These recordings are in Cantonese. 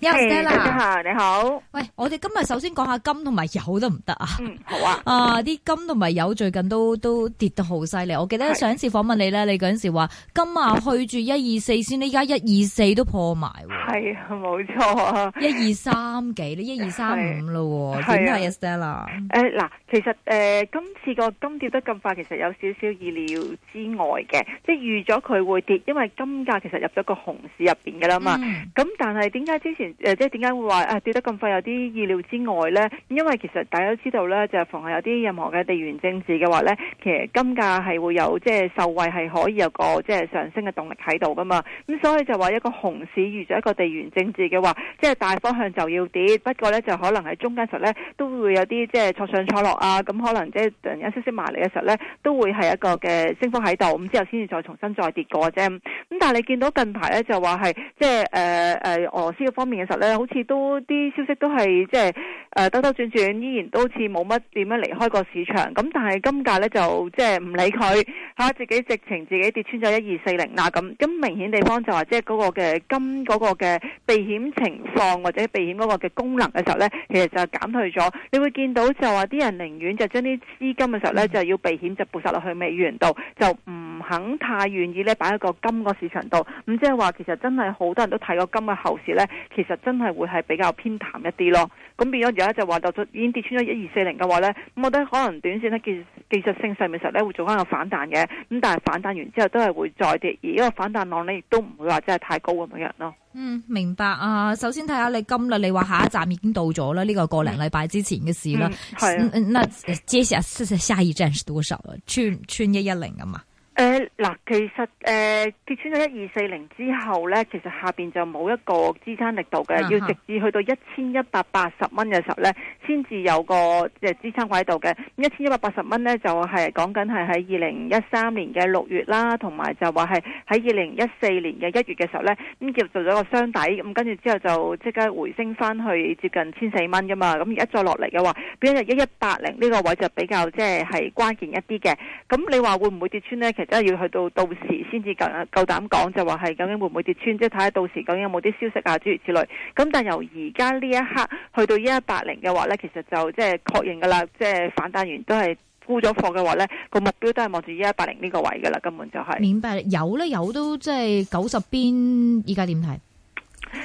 Stella，你好。喂，我哋今日首先講下金同埋油得唔得啊？好啊。啊，啲金同埋油最近都都跌得好犀利。我記得上一次訪問你咧，你嗰陣時話金啊去住一二四先，依家一二四都破埋。係啊，冇錯。一二三幾你一二三五啦？點解 Stella？誒，嗱，其實誒，今次個金跌得咁快，其實有少少意料之外嘅，即係預咗佢會跌，因為金價其實入咗個熊市入邊噶啦嘛。咁但係點解之前？誒即係點解會話啊跌得咁快有啲意料之外呢？因為其實大家都知道咧，就係逢係有啲任何嘅地緣政治嘅話呢，其實金價係會有即係受惠係可以有個即係上升嘅動力喺度噶嘛。咁、嗯、所以就話一個熊市遇咗一個地緣政治嘅話，即係大方向就要跌。不過呢，就可能喺中間時候咧都會有啲即係挫上挫落啊。咁、嗯、可能即係突然間消息埋嚟嘅時候呢，都會係一個嘅升幅喺度。咁之後先至再重新再跌過啫。咁、嗯、但係你見到近排呢，就話係即係誒誒俄羅斯方面。其實咧，好似都啲消息都係即係誒兜兜轉轉，依然都好似冇乜點樣離開個市場。咁但係金價咧就即係唔理佢，吓、啊、自己直情自己跌穿咗一二四零啦咁。咁明顯地方就話即係嗰個嘅金嗰個嘅避險情況或者避險嗰個嘅功能嘅時候咧，其實就減退咗。你會見到就話啲人寧願就將啲資金嘅時候咧，就要避險就搏殺落去美元度，就唔肯太願意咧擺喺個金個市場度。咁即係話其實真係好多人都睇過金嘅後市咧，其其實真係會係比較偏淡一啲咯，咁變咗而家就話就已經跌穿咗一二四零嘅話咧，咁我覺得可能短線呢技術技術性上面實咧會做翻個反彈嘅，咁但係反彈完之後都係會再跌，而一個反彈浪咧亦都唔會話真係太高咁樣咯。嗯，明白啊。首先睇下你今日你話下一站已經到咗啦，呢、這個個零禮拜之前嘅事啦。係啊、嗯嗯。那即係下一站係多少啊？穿穿一一零啊嘛。誒，嗱、呃，其實誒、呃、跌穿咗一二四零之後咧，其實下邊就冇一個支撐力度嘅，啊、哈 要直至去到一千一百八十蚊嘅時候咧，先至有個即係支撐位度嘅。一千一百八十蚊咧就係講緊係喺二零一三年嘅六月啦，同埋就話係喺二零一四年嘅一月嘅時候咧，咁叫做咗個箱底，咁跟住之後就即刻回升翻去接近千四蚊噶嘛。咁而家再落嚟嘅話，變咗一一八零呢個位就比較即係係關鍵一啲嘅。咁你話會唔會跌穿咧？即係要去到到時先至夠夠膽講，就話係究竟會唔會跌穿，即係睇下到時究竟有冇啲消息啊，諸如此類。咁但係由而家呢一刻去到一一八零嘅話咧，其實就即係確認噶啦，即係反彈完都係沽咗貨嘅話咧，個目標都係望住一一八零呢個位噶啦，根本就係。明白，有咧，有都即係九十邊，依家點睇？就是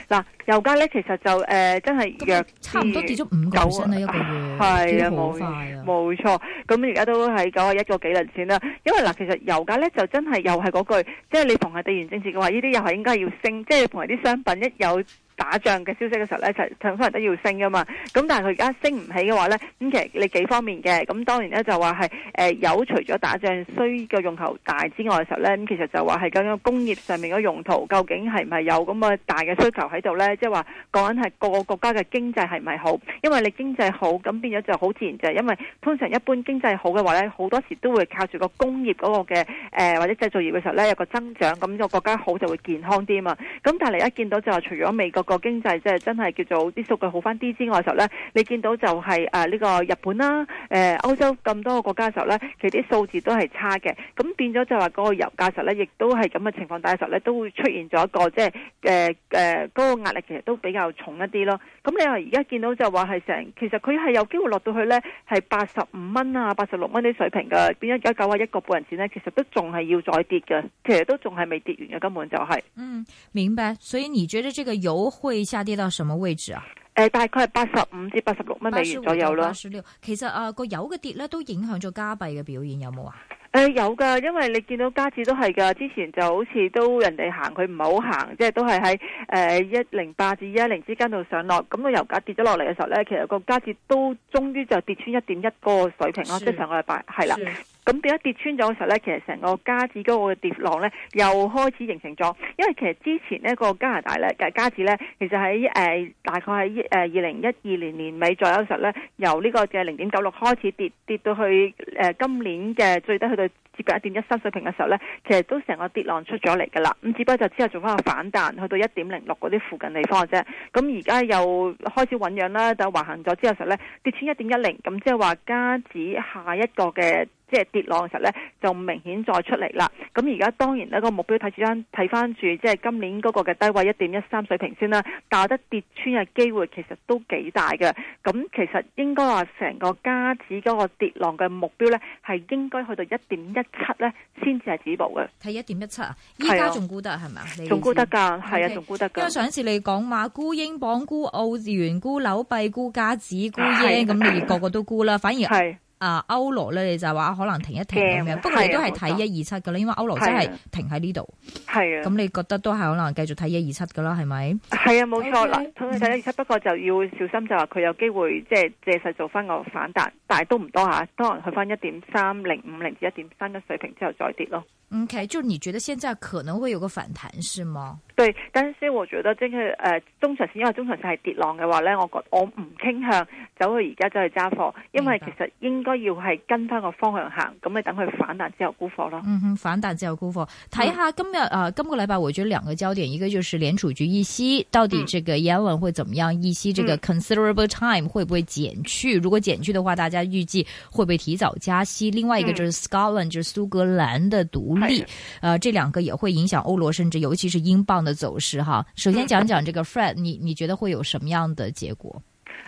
嗱，油價咧其實就誒、呃，真係約差唔多跌咗五九啊，係啊，冇錯、啊。咁而家都係九十一個幾零錢啦。因為嗱，其實油價咧就真係又係嗰句，即係你凡係地緣政治嘅話，呢啲又係應該要升，即係凡係啲商品一有。打仗嘅消息嘅時候咧，就通常都要升噶嘛。咁但係佢而家升唔起嘅話咧，咁其實你幾方面嘅。咁當然咧就話係誒有除咗打仗需嘅需求大之外嘅時候咧，咁其實就話係究竟工業上面嗰用途究竟係唔係有咁嘅大嘅需求喺度咧？即係話講緊係個個國家嘅經濟係唔係好？因為你經濟好咁變咗就好自然就係因為通常一般經濟好嘅話咧，好多時都會靠住個工業嗰個嘅誒、呃、或者製造業嘅時候咧有個增長，咁、那個國家好就會健康啲啊嘛。咁但係你一見到就話除咗美國個經濟即係真係叫做啲數據好翻啲之外嘅時候呢，你見到就係誒呢個日本啦、誒歐洲咁多個國家嘅時候，其實啲數字都係差嘅。咁變咗就話嗰個油價實呢，亦都係咁嘅情況，但係實呢都會出現咗一個即係誒誒嗰個壓力其實都比較重一啲咯。咁你話而家見到就話係成，其實佢係有機會落到去呢係八十五蚊啊、八十六蚊啲水平嘅。變咗而家九啊一個半人錢呢，其實都仲係要再跌嘅，其實都仲係未跌完嘅，根本就係。嗯，明白。所以你覺得呢個油會下跌到什麼位置啊？誒、呃，大概係八十五至八十六蚊美元左右啦。八十六，其實啊，個、呃、油嘅跌咧都影響咗加幣嘅表現，有冇啊？誒、呃，有噶，因為你見到加幣都係噶，之前就好似都人哋行佢唔係好行，即係都係喺誒一零八至一零之間度上落。咁個油價跌咗落嚟嘅時候咧，其實個加幣都終於就跌穿一點一嗰個水平咯，是即係上個禮拜係啦。是咁變咗跌穿咗嘅時候咧，其實成個加子嗰個跌浪咧又開始形成咗，因為其實之前呢個加拿大咧嘅加、加子咧，其實喺誒、呃、大概喺誒二零一二年年尾左右嘅時候咧，由呢個嘅零點九六開始跌，跌到去誒、呃、今年嘅最低去到接近一點一三水平嘅時候咧，其實都成個跌浪出咗嚟㗎喇。咁只不過就之後做返個反彈，去到一點零六嗰啲附近地方嘅啫。咁而家又開始醞釀啦，但係橫行咗之後嘅時候咧，跌穿一點一零，咁即係話加子下一個嘅。即係跌浪嘅時候咧，就明顯再出嚟啦。咁而家當然呢個目標睇住睇翻住，即係今年嗰個嘅低位一點一三水平先啦。但係得跌穿嘅機會其實都幾大嘅。咁其實應該話成個加指嗰個跌浪嘅目標咧，係應該去到一點一七咧先至係止步嘅。睇一點一七啊，依家仲沽得係咪？仲沽得㗎，係啊，仲沽得㗎。因為上一次你講話沽英鎊、沽澳元、沽樓幣、沽加指、沽 yen，咁你個個都沽啦，反而係。啊歐羅咧，你就話可能停一停咁樣，嗯、不過亦都係睇一二七噶啦，因為歐羅真係停喺呢度。係啊，咁你覺得都係可能繼續睇一二七噶啦，係咪？係啊，冇錯啦，睇一二七，不過就要小心就，就話佢有機會即係借勢做翻個反彈，但係都唔多吓、啊，當然去翻一點三零五零至一點三一嘅水平之後再跌咯。OK，、嗯、就你覺得現在可能會有個反彈，是嗎？對，但是我覺得即係誒中長線，因為中長線係跌浪嘅話咧，我覺得我唔傾向走去而家走去揸貨，因為其實應。應該要係跟翻個方向行，咁咪等佢反彈之後沽貨咯。嗯哼，反彈之後沽貨，睇下今日誒、嗯呃，今個禮拜我覺得兩個焦點，一個就是聯儲局議息，到底這個 Yellen、嗯、會怎麼樣？議息這個 considerable time、嗯、會不會減去？如果減去的話，大家預計會不會提早加息。另外一個就是 Scotland，、嗯、就是蘇格蘭的獨立，誒的、呃，這兩個也會影響歐羅甚至尤其是英鎊的走勢哈。首先講講這個 Fred，你你，你覺得會有什麼樣的結果？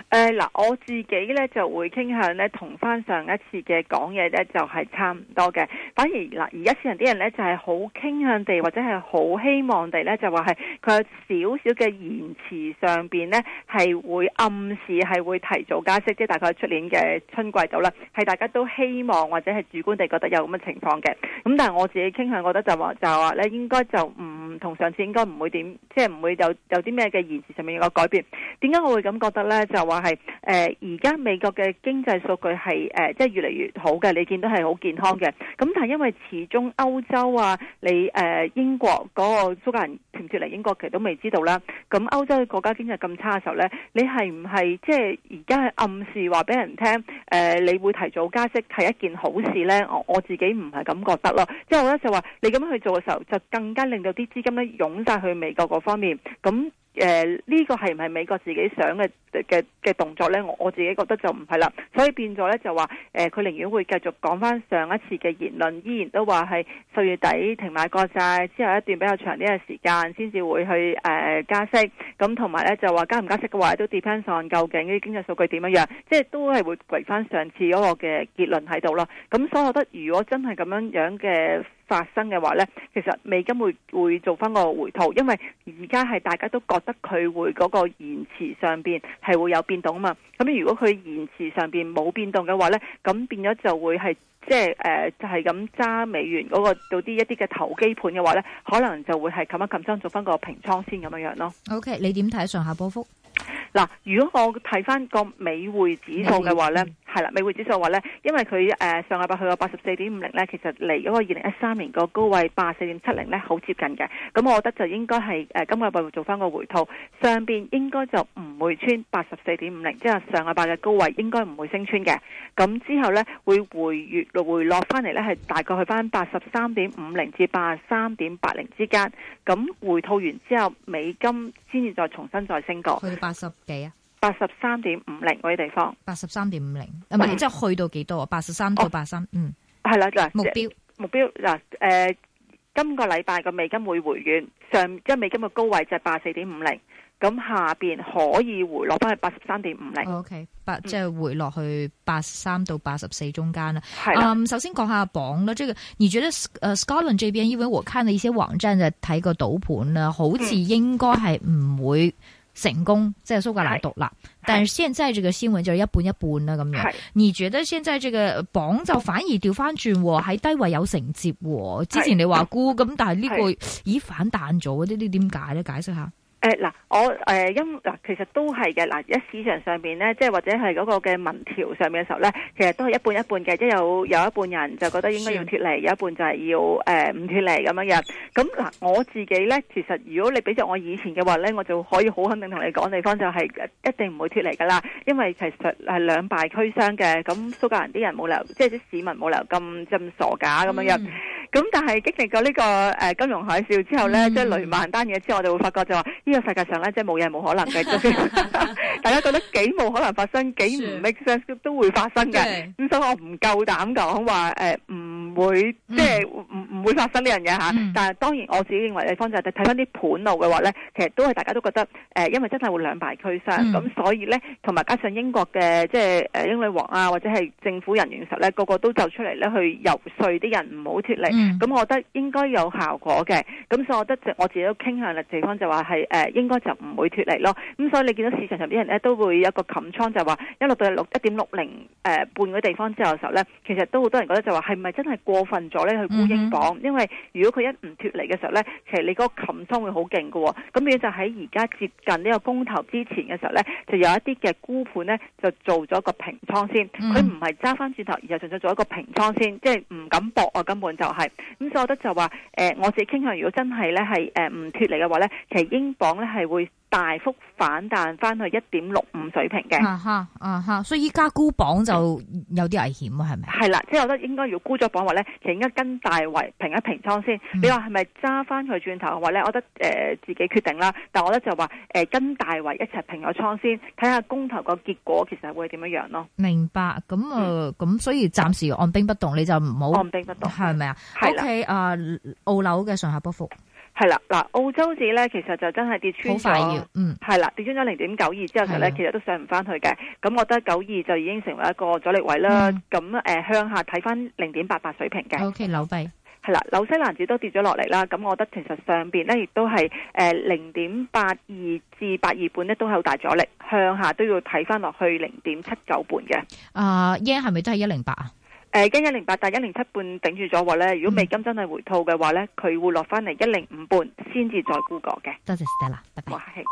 誒，嗱、呃，我自己咧就會傾向咧同返上一次嘅講嘢咧就係、是、差唔多嘅，反而嗱，而家市場上啲人咧就係、是、好傾向地或者係好希望地咧就話係佢有少少嘅言辭上邊咧係會暗示係會提早加息，即係大概出年嘅春季度啦，係大家都希望或者係主觀地覺得有咁嘅情況嘅，咁但係我自己傾向覺得就話就話咧應該就唔。唔同上次應該唔會點，即係唔會有有啲咩嘅言詞上面嘅改變。點解我會咁覺得呢？就話係誒而家美國嘅經濟數據係誒即係越嚟越好嘅，你見到係好健康嘅。咁但係因為始終歐洲啊，你誒、呃、英國嗰個蘇格蘭斷絕嚟英國，其實都未知道啦。咁、嗯、歐洲國家經濟咁差嘅時候呢，你係唔係即係而家暗示話俾人聽誒、呃？你會提早加息係一件好事呢？我我自己唔係咁覺得咯。即、就、係、是、我呢就話你咁樣去做嘅時候，就更加令到啲資咁樣湧晒去美國嗰方面，咁誒呢個係唔係美國自己想嘅嘅嘅動作呢？我自己覺得就唔係啦，所以變咗呢，就話誒，佢寧願會繼續講翻上一次嘅言論，依然都話係十月底停買國債之後一段比較長啲嘅時間先至會去誒加息，咁同埋呢，就話加唔加息嘅話都 depend on 究竟啲經濟數據點樣樣，即係都係會回翻上次嗰個嘅結論喺度咯。咁所以我覺得如果真係咁樣樣嘅發生嘅話呢，其實美金會會做翻個回吐，因為而家係大家都覺得佢會嗰個延遲上邊係會有變動啊嘛。咁如果佢延遲上邊冇變動嘅話呢，咁變咗就會係即係誒、呃，就係咁揸美元嗰、嗰個做啲一啲嘅投機盤嘅話呢，可能就會係冚一冚倉做翻個平倉先咁樣樣咯。OK，你點睇上下波幅？嗱，如果我睇翻個美匯指數嘅話呢係啦，美匯指數話呢，因為佢誒、呃、上禮拜去到八十四點五零呢其實離嗰個二零一三年個高位八十四點七零呢好接近嘅。咁我覺得就應該係誒、呃、今禮拜會做翻個回吐，上邊應該就唔會穿八十四點五零，即係上禮拜嘅高位應該唔會升穿嘅。咁之後呢，會回落回落翻嚟呢，係大概去翻八十三點五零至八十三點八零之間。咁回吐完之後，美金先至再重新再升過幾啊？八十三點五零嗰啲地方，八十三點五零，咁然之後去到幾多啊？八十三到八三，哦，嗯，係啦，嗱，目標目標嗱，誒、呃，今個禮拜個美金會回軟，上即係美金嘅高位就係八四點五零，咁下邊可以回落翻去八十三點五零，O K，八即係回落去八三到八十四中間啦。係啦，um, 首先講下榜啦，即係而覺得，誒 Scotland 這邊，因為我看了一些網站就睇個賭盤啦，好似應該係唔會，嗯。成功即係蘇格蘭獨立，是但係現在這個新聞就一半一半啦咁是樣。你覺得現在這個榜就反而調翻轉喺、哦、低位有承接、哦。之前你話沽咁，是但係、這、呢個是咦反彈咗，呢啲點解咧？解釋下。誒嗱、呃，我誒因嗱，其實都係嘅嗱，一、呃、市場上邊咧，即係或者係嗰個嘅民調上面嘅時候咧，其實都係一半一半嘅，即係有有一半人就覺得應該要脱離，的有一半就係要誒唔脱離咁樣樣。咁嗱，我自己咧，其實如果你畀咗我以前嘅話咧，我就可以好肯定同你講地方就係一定唔會脱離噶啦，因為其實係兩敗俱傷嘅。咁蘇格蘭啲人冇留，即係啲市民冇留咁咁傻假咁樣樣。咁、嗯嗯、但係經歷過呢、這個誒、呃、金融海嘯之後咧，嗯、即係雷曼單嘢之後，我就會發覺就話。呢個世界上咧，即係冇嘢冇可能嘅， 大家覺得幾冇可能發生，幾唔 likely 都會發生嘅。咁是所以我唔夠膽講話誒，唔、呃、會、嗯、即係唔唔會發生呢樣嘢嚇。啊嗯、但係當然我自己認為嘅地方就係睇翻啲盤路嘅話咧，其實都係大家都覺得誒、呃，因為真係會兩敗俱傷。咁、嗯、所以咧，同埋加上英國嘅即係誒英女王啊，或者係政府人員嘅時候咧，個個都走出嚟咧去遊說啲人唔好脱離。咁、嗯嗯、我覺得應該有效果嘅。咁所以我覺得我自己都傾向嘅地方就係話係誒應該就唔會脱離咯，咁、嗯、所以你見到市場上邊人咧都會有一個冚倉，就話一路到一六一點六零誒半個地方之後嘅時候咧，其實都好多人覺得就話係咪真係過分咗咧去沽英鎊，因為如果佢一唔脱離嘅時候咧，其實你嗰個冚倉會好勁嘅喎。咁你就喺而家接近呢個公投之前嘅時候咧，就有一啲嘅沽盤咧就做咗個平倉先，佢唔係揸翻轉頭，而係純粹做一個平倉先，即係唔敢搏啊，根本就係。咁、啊嗯、所以我覺得就話誒、呃，我自己傾向如果真係咧係誒唔脱離嘅話咧，其實英鎊。講係會大幅反彈翻去一點六五水平嘅，啊哈，啊哈，所以依家沽榜就有啲危險啊，係咪？係啦，即係我覺得應該要沽咗榜話咧，其實應該跟大圍平一平倉先。嗯、你話係咪揸翻佢轉頭嘅話咧，我覺得誒、呃、自己決定啦。但係我覺得就話誒、呃、跟大圍一齊平咗倉先，睇下公投個結果其實會點樣樣咯。明白，咁啊、呃，咁、嗯、所以暫時按兵不動，你就唔好按兵不動，係咪啊？O K，啊澳樓嘅上下波幅。係啦，嗱，澳洲紙咧，其實就真係跌穿咗，嗯，係啦，跌穿咗零點九二之後呢，其實咧，其實都上唔翻去嘅。咁我覺得九二就已經成為一個阻力位啦。咁誒、嗯呃，向下睇翻零點八八水平嘅。O K，紐幣係啦，紐西蘭紙都跌咗落嚟啦。咁我覺得其實上邊咧亦都係誒零點八二至八二半咧都係好大阻力，向下都要睇翻落去零點七九半嘅。啊，E 係咪都係一零八啊？誒、呃，跟一零八但一零七半頂住咗話咧，如果美金真係回吐嘅話咧，佢會落翻嚟一零五半先至再沽過嘅。多謝 Stella，拜拜。